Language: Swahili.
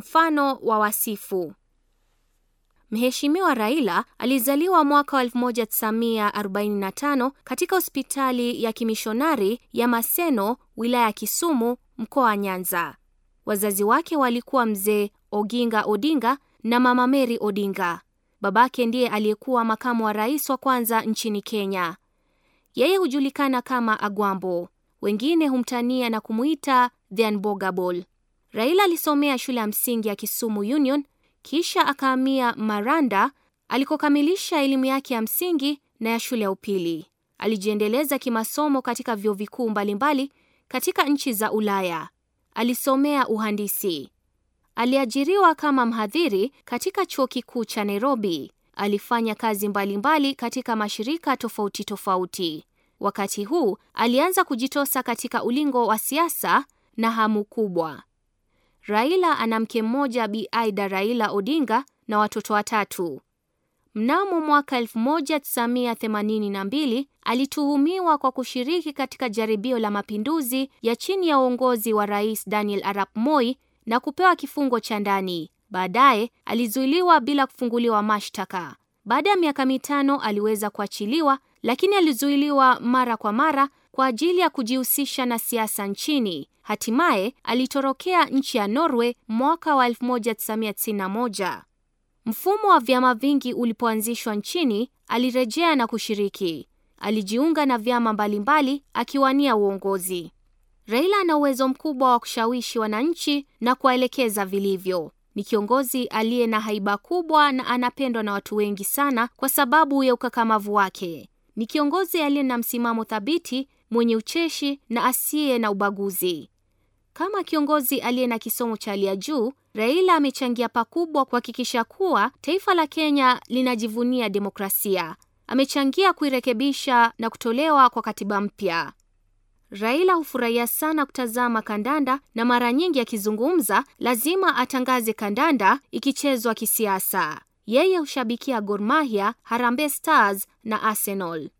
Mfano wa wasifu. Mheshimiwa Raila alizaliwa mwaka wa 1945 katika hospitali ya kimishonari ya Maseno, wilaya ya Kisumu, mkoa wa Nyanza. Wazazi wake walikuwa mzee Oginga Odinga na mama Mary Odinga. Babake ndiye aliyekuwa makamu wa rais wa kwanza nchini Kenya. Yeye hujulikana kama Agwambo, wengine humtania na kumuita the Raila alisomea shule ya msingi ya Kisumu Union kisha akahamia Maranda alikokamilisha elimu yake ya msingi na ya shule ya upili. Alijiendeleza kimasomo katika vyuo vikuu mbalimbali katika nchi za Ulaya. Alisomea uhandisi. Aliajiriwa kama mhadhiri katika chuo kikuu cha Nairobi. Alifanya kazi mbalimbali katika mashirika tofauti tofauti. Wakati huu alianza kujitosa katika ulingo wa siasa na hamu kubwa. Raila ana mke mmoja Bi Aida Raila Odinga na watoto watatu. Mnamo mwaka 1982 alituhumiwa kwa kushiriki katika jaribio la mapinduzi ya chini ya uongozi wa Rais Daniel Arap Moi na kupewa kifungo cha ndani. Baadaye alizuiliwa bila kufunguliwa mashtaka. Baada ya miaka mitano aliweza kuachiliwa, lakini alizuiliwa mara kwa mara kwa ajili ya kujihusisha na siasa nchini. Hatimaye alitorokea nchi ya Norway mwaka wa 1991. Mfumo wa vyama vingi ulipoanzishwa nchini, alirejea na kushiriki. Alijiunga na vyama mbalimbali akiwania uongozi. Raila ana uwezo mkubwa wa kushawishi wananchi na kuwaelekeza vilivyo. Ni kiongozi aliye na haiba kubwa na anapendwa na watu wengi sana kwa sababu ya ukakamavu wake. Ni kiongozi aliye na msimamo thabiti mwenye ucheshi na asiye na ubaguzi. Kama kiongozi aliye na kisomo cha hali ya juu, Raila amechangia pakubwa kuhakikisha kuwa taifa la Kenya linajivunia demokrasia. Amechangia kuirekebisha na kutolewa kwa katiba mpya. Raila hufurahia sana kutazama kandanda na mara nyingi akizungumza lazima atangaze kandanda ikichezwa kisiasa. Yeye hushabikia Gor Mahia, Harambee Stars na Arsenal.